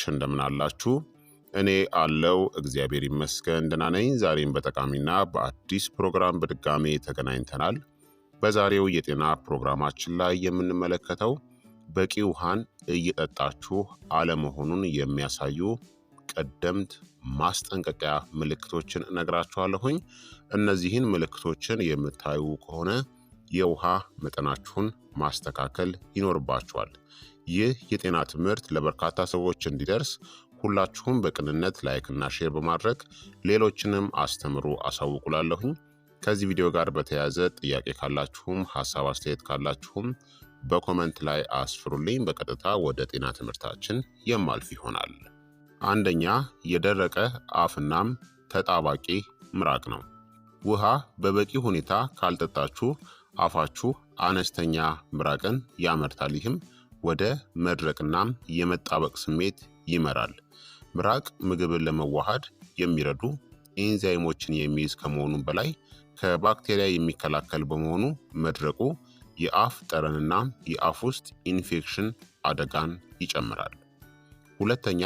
ች እንደምን አላችሁ? እኔ አለው እግዚአብሔር ይመስገን ደህና ነኝ። ዛሬም በጠቃሚና በአዲስ ፕሮግራም በድጋሜ ተገናኝተናል። በዛሬው የጤና ፕሮግራማችን ላይ የምንመለከተው በቂ ውሃን እየጠጣችሁ አለመሆኑን የሚያሳዩ ቀደምት ማስጠንቀቂያ ምልክቶችን እነግራችኋለሁኝ። እነዚህን ምልክቶችን የምታዩ ከሆነ የውሃ መጠናችሁን ማስተካከል ይኖርባችኋል። ይህ የጤና ትምህርት ለበርካታ ሰዎች እንዲደርስ ሁላችሁም በቅንነት ላይክና ሼር በማድረግ ሌሎችንም አስተምሩ አሳውቁላለሁኝ። ከዚህ ቪዲዮ ጋር በተያያዘ ጥያቄ ካላችሁም ሀሳብ አስተያየት ካላችሁም በኮመንት ላይ አስፍሩልኝ። በቀጥታ ወደ ጤና ትምህርታችን የማልፍ ይሆናል። አንደኛ የደረቀ አፍናም ተጣባቂ ምራቅ ነው። ውሃ በበቂ ሁኔታ ካልጠጣችሁ አፋችሁ አነስተኛ ምራቅን ያመርታል። ይህም ወደ መድረቅናም የመጣበቅ ስሜት ይመራል። ምራቅ ምግብን ለመዋሃድ የሚረዱ ኤንዛይሞችን የሚይዝ ከመሆኑ በላይ ከባክቴሪያ የሚከላከል በመሆኑ መድረቁ የአፍ ጠረንና የአፍ ውስጥ ኢንፌክሽን አደጋን ይጨምራል። ሁለተኛ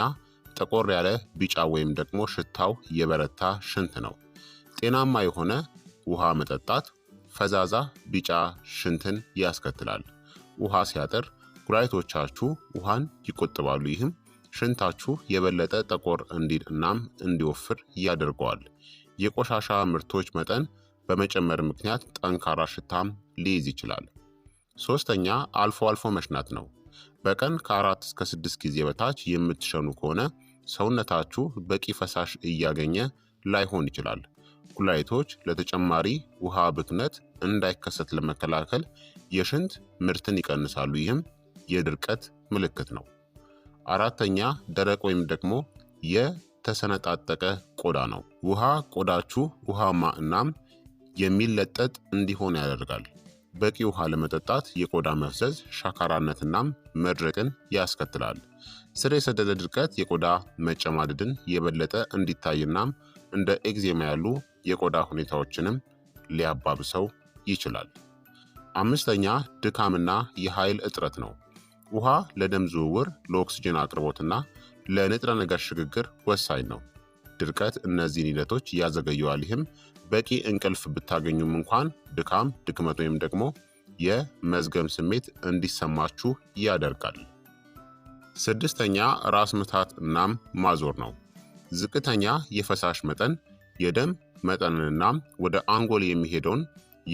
ጠቆር ያለ ቢጫ ወይም ደግሞ ሽታው የበረታ ሽንት ነው። ጤናማ የሆነ ውሃ መጠጣት ፈዛዛ ቢጫ ሽንትን ያስከትላል። ውሃ ሲያጥር ኩላሊቶቻችሁ ውሃን ይቆጥባሉ። ይህም ሽንታችሁ የበለጠ ጠቆር እንዲል እናም እንዲወፍር ያደርገዋል። የቆሻሻ ምርቶች መጠን በመጨመር ምክንያት ጠንካራ ሽታም ሊይዝ ይችላል። ሶስተኛ አልፎ አልፎ መሽናት ነው። በቀን ከአራት እስከ ስድስት ጊዜ በታች የምትሸኑ ከሆነ ሰውነታችሁ በቂ ፈሳሽ እያገኘ ላይሆን ይችላል። ኩላሊቶች ለተጨማሪ ውሃ ብክነት እንዳይከሰት ለመከላከል የሽንት ምርትን ይቀንሳሉ። ይህም የድርቀት ምልክት ነው። አራተኛ ደረቅ ወይም ደግሞ የተሰነጣጠቀ ቆዳ ነው። ውሃ ቆዳችሁ ውሃማ እናም የሚለጠጥ እንዲሆን ያደርጋል። በቂ ውሃ ለመጠጣት የቆዳ መፍዘዝ ሻካራነት እናም መድረቅን ያስከትላል። ስር የሰደደ ድርቀት የቆዳ መጨማደድን የበለጠ እንዲታይ እናም እንደ ኤግዜማ ያሉ የቆዳ ሁኔታዎችንም ሊያባብሰው ይችላል። አምስተኛ ድካምና የኃይል እጥረት ነው። ውሃ ለደም ዝውውር፣ ለኦክስጅን አቅርቦትና ለንጥረ ነገር ሽግግር ወሳኝ ነው። ድርቀት እነዚህን ሂደቶች እያዘገየዋል። ይህም በቂ እንቅልፍ ብታገኙም እንኳን ድካም፣ ድክመት ወይም ደግሞ የመዝገም ስሜት እንዲሰማችሁ ያደርጋል። ስድስተኛ ራስ ምታት እናም ማዞር ነው። ዝቅተኛ የፈሳሽ መጠን የደም መጠንንናም ወደ አንጎል የሚሄደውን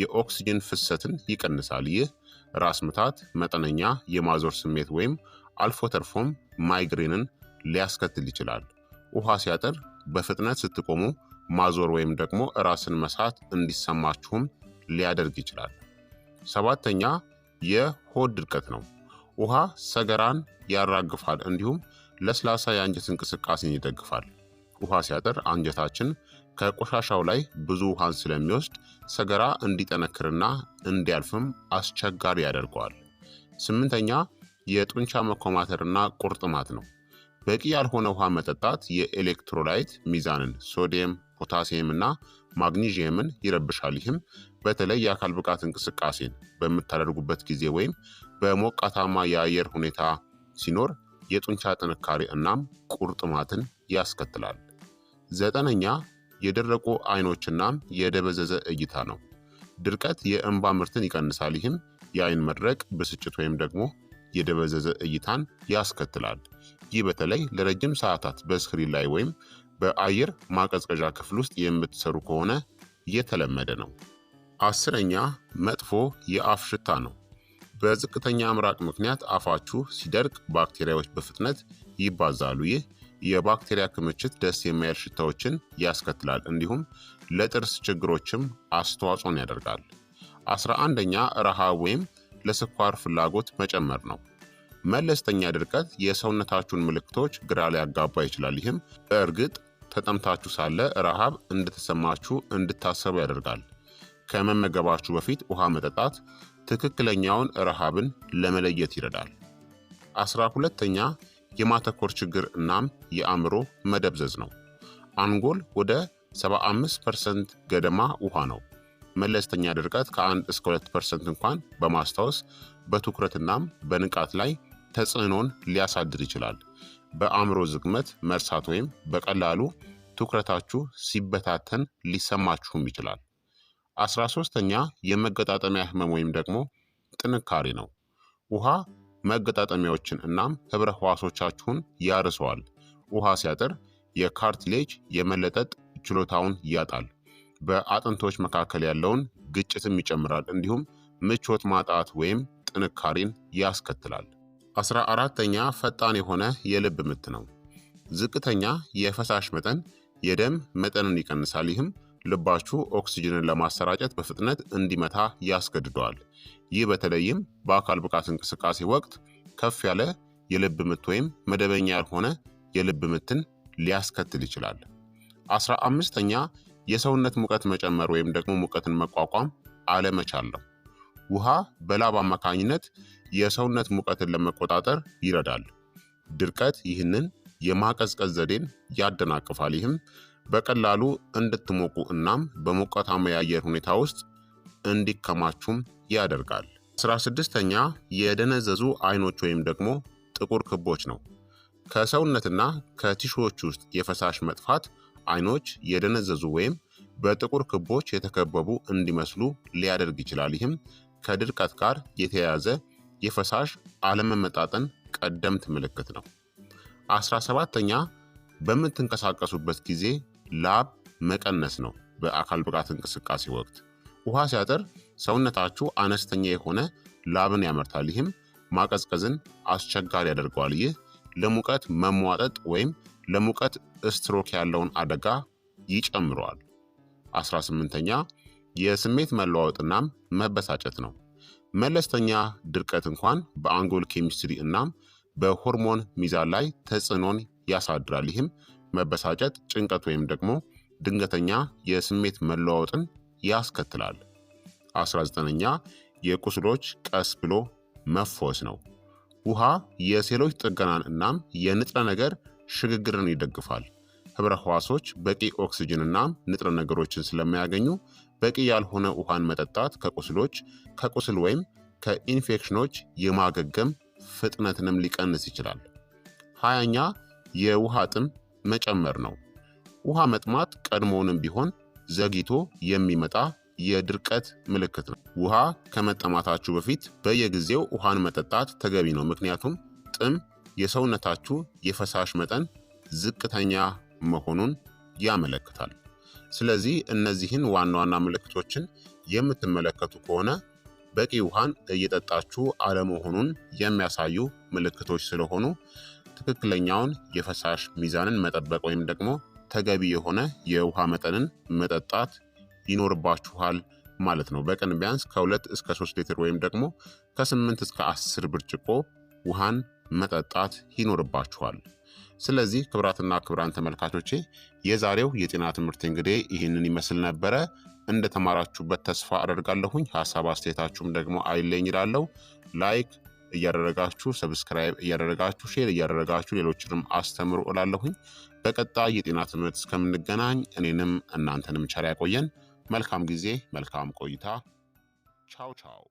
የኦክስጅን ፍሰትን ይቀንሳል። ይህ ራስ ምታት፣ መጠነኛ የማዞር ስሜት ወይም አልፎ ተርፎም ማይግሬንን ሊያስከትል ይችላል። ውሃ ሲያጥር በፍጥነት ስትቆሙ ማዞር ወይም ደግሞ ራስን መሳት እንዲሰማችሁም ሊያደርግ ይችላል። ሰባተኛ የሆድ ድርቀት ነው። ውሃ ሰገራን ያራግፋል፣ እንዲሁም ለስላሳ የአንጀት እንቅስቃሴን ይደግፋል። ውሃ ሲያጥር አንጀታችን ከቆሻሻው ላይ ብዙ ውሃን ስለሚወስድ ሰገራ እንዲጠነክርና እንዲያልፍም አስቸጋሪ ያደርገዋል። ስምንተኛ የጡንቻ መኮማተርና ቁርጥማት ነው። በቂ ያልሆነ ውሃ መጠጣት የኤሌክትሮላይት ሚዛንን ሶዲየም፣ ፖታሲየም እና ማግኒዥየምን ይረብሻል። ይህም በተለይ የአካል ብቃት እንቅስቃሴን በምታደርጉበት ጊዜ ወይም በሞቃታማ የአየር ሁኔታ ሲኖር የጡንቻ ጥንካሬ እናም ቁርጥማትን ያስከትላል። ዘጠነኛ የደረቁ አይኖችና የደበዘዘ እይታ ነው። ድርቀት የእንባ ምርትን ይቀንሳል። ይህም የአይን መድረቅ፣ ብስጭት ወይም ደግሞ የደበዘዘ እይታን ያስከትላል። ይህ በተለይ ለረጅም ሰዓታት በስክሪን ላይ ወይም በአየር ማቀዝቀዣ ክፍል ውስጥ የምትሰሩ ከሆነ የተለመደ ነው። አስረኛ መጥፎ የአፍ ሽታ ነው። በዝቅተኛ ምራቅ ምክንያት አፋችሁ ሲደርቅ ባክቴሪያዎች በፍጥነት ይባዛሉ። ይህ የባክቴሪያ ክምችት ደስ የሚያል ሽታዎችን ያስከትላል። እንዲሁም ለጥርስ ችግሮችም አስተዋጽኦን ያደርጋል። አስራ አንደኛ ረሃብ ወይም ለስኳር ፍላጎት መጨመር ነው። መለስተኛ ድርቀት የሰውነታችሁን ምልክቶች ግራ ሊያጋባ ይችላል። ይህም እርግጥ ተጠምታችሁ ሳለ ረሃብ እንደተሰማችሁ እንድታሰቡ ያደርጋል። ከመመገባችሁ በፊት ውሃ መጠጣት ትክክለኛውን ረሃብን ለመለየት ይረዳል። አስራ ሁለተኛ የማተኮር ችግር እናም የአእምሮ መደብዘዝ ነው። አንጎል ወደ 75 ፐርሰንት ገደማ ውሃ ነው። መለስተኛ ድርቀት ከ1 እስከ 2 ፐርሰንት እንኳን በማስታወስ በትኩረትናም በንቃት ላይ ተጽዕኖን ሊያሳድር ይችላል። በአእምሮ ዝግመት መርሳት ወይም በቀላሉ ትኩረታችሁ ሲበታተን ሊሰማችሁም ይችላል። አስራ ሶስተኛ የመገጣጠሚያ ህመም ወይም ደግሞ ጥንካሬ ነው። ውሃ መገጣጠሚያዎችን እናም ህብረ ህዋሶቻችሁን ያርሰዋል። ውሃ ሲያጥር የካርትሌጅ የመለጠጥ ችሎታውን ያጣል። በአጥንቶች መካከል ያለውን ግጭትም ይጨምራል። እንዲሁም ምቾት ማጣት ወይም ጥንካሬን ያስከትላል። አስራ አራተኛ ፈጣን የሆነ የልብ ምት ነው። ዝቅተኛ የፈሳሽ መጠን የደም መጠንን ይቀንሳል። ይህም ልባችሁ ኦክሲጅንን ለማሰራጨት በፍጥነት እንዲመታ ያስገድደዋል። ይህ በተለይም በአካል ብቃት እንቅስቃሴ ወቅት ከፍ ያለ የልብ ምት ወይም መደበኛ ያልሆነ የልብ ምትን ሊያስከትል ይችላል። አስራ አምስተኛ የሰውነት ሙቀት መጨመር ወይም ደግሞ ሙቀትን መቋቋም አለመቻል ነው። ውሃ በላብ አማካኝነት የሰውነት ሙቀትን ለመቆጣጠር ይረዳል። ድርቀት ይህንን የማቀዝቀዝ ዘዴን ያደናቅፋል። ይህም በቀላሉ እንድትሞቁ እናም በሞቃታማ የአየር ሁኔታ ውስጥ እንዲከማቹም ያደርጋል። አስራ ስድስተኛ የደነዘዙ አይኖች ወይም ደግሞ ጥቁር ክቦች ነው። ከሰውነትና ከቲሾዎች ውስጥ የፈሳሽ መጥፋት አይኖች የደነዘዙ ወይም በጥቁር ክቦች የተከበቡ እንዲመስሉ ሊያደርግ ይችላል። ይህም ከድርቀት ጋር የተያያዘ የፈሳሽ አለመመጣጠን ቀደምት ምልክት ነው። አስራ ሰባተኛ በምትንቀሳቀሱበት ጊዜ ላብ መቀነስ ነው። በአካል ብቃት እንቅስቃሴ ወቅት ውሃ ሲያጥር ሰውነታችሁ አነስተኛ የሆነ ላብን ያመርታል። ይህም ማቀዝቀዝን አስቸጋሪ ያደርገዋል። ይህ ለሙቀት መሟጠጥ ወይም ለሙቀት ስትሮክ ያለውን አደጋ ይጨምረዋል። 18ኛ የስሜት መለዋወጥናም መበሳጨት ነው። መለስተኛ ድርቀት እንኳን በአንጎል ኬሚስትሪ እናም በሆርሞን ሚዛን ላይ ተጽዕኖን ያሳድራል። ይህም መበሳጨት፣ ጭንቀት ወይም ደግሞ ድንገተኛ የስሜት መለዋወጥን ያስከትላል። 19ኛ የቁስሎች ቀስ ብሎ መፎስ ነው። ውሃ የሴሎች ጥገናን እናም የንጥረ ነገር ሽግግርን ይደግፋል። ህብረ ህዋሶች በቂ ኦክስጅን እናም ንጥረ ነገሮችን ስለማያገኙ በቂ ያልሆነ ውሃን መጠጣት ከቁስሎች ከቁስል ወይም ከኢንፌክሽኖች የማገገም ፍጥነትንም ሊቀንስ ይችላል። ሀያኛ የውሃ ጥም መጨመር ነው። ውሃ መጥማት ቀድሞውንም ቢሆን ዘግይቶ የሚመጣ የድርቀት ምልክት ነው። ውሃ ከመጠማታችሁ በፊት በየጊዜው ውሃን መጠጣት ተገቢ ነው። ምክንያቱም ጥም የሰውነታችሁ የፈሳሽ መጠን ዝቅተኛ መሆኑን ያመለክታል። ስለዚህ እነዚህን ዋና ዋና ምልክቶችን የምትመለከቱ ከሆነ በቂ ውሃን እየጠጣችሁ አለመሆኑን የሚያሳዩ ምልክቶች ስለሆኑ ትክክለኛውን የፈሳሽ ሚዛንን መጠበቅ ወይም ደግሞ ተገቢ የሆነ የውሃ መጠንን መጠጣት ይኖርባችኋል ማለት ነው። በቀን ቢያንስ ከሁለት እስከ ሶስት ሊትር ወይም ደግሞ ከስምንት እስከ አስር ብርጭቆ ውሃን መጠጣት ይኖርባችኋል። ስለዚህ ክብራትና ክብራን ተመልካቾቼ የዛሬው የጤና ትምህርት እንግዲህ ይህንን ይመስል ነበረ። እንደተማራችሁበት ተስፋ አደርጋለሁኝ። ሀሳብ አስተያየታችሁም ደግሞ አይለኝ ይላለው ላይክ እያደረጋችሁ ሰብስክራይብ እያደረጋችሁ ሼር እያደረጋችሁ ሌሎችንም አስተምሩ እላለሁኝ። በቀጣይ የጤና ትምህርት እስከምንገናኝ እኔንም እናንተንም ቸር ያቆየን። መልካም ጊዜ፣ መልካም ቆይታ። ቻው ቻው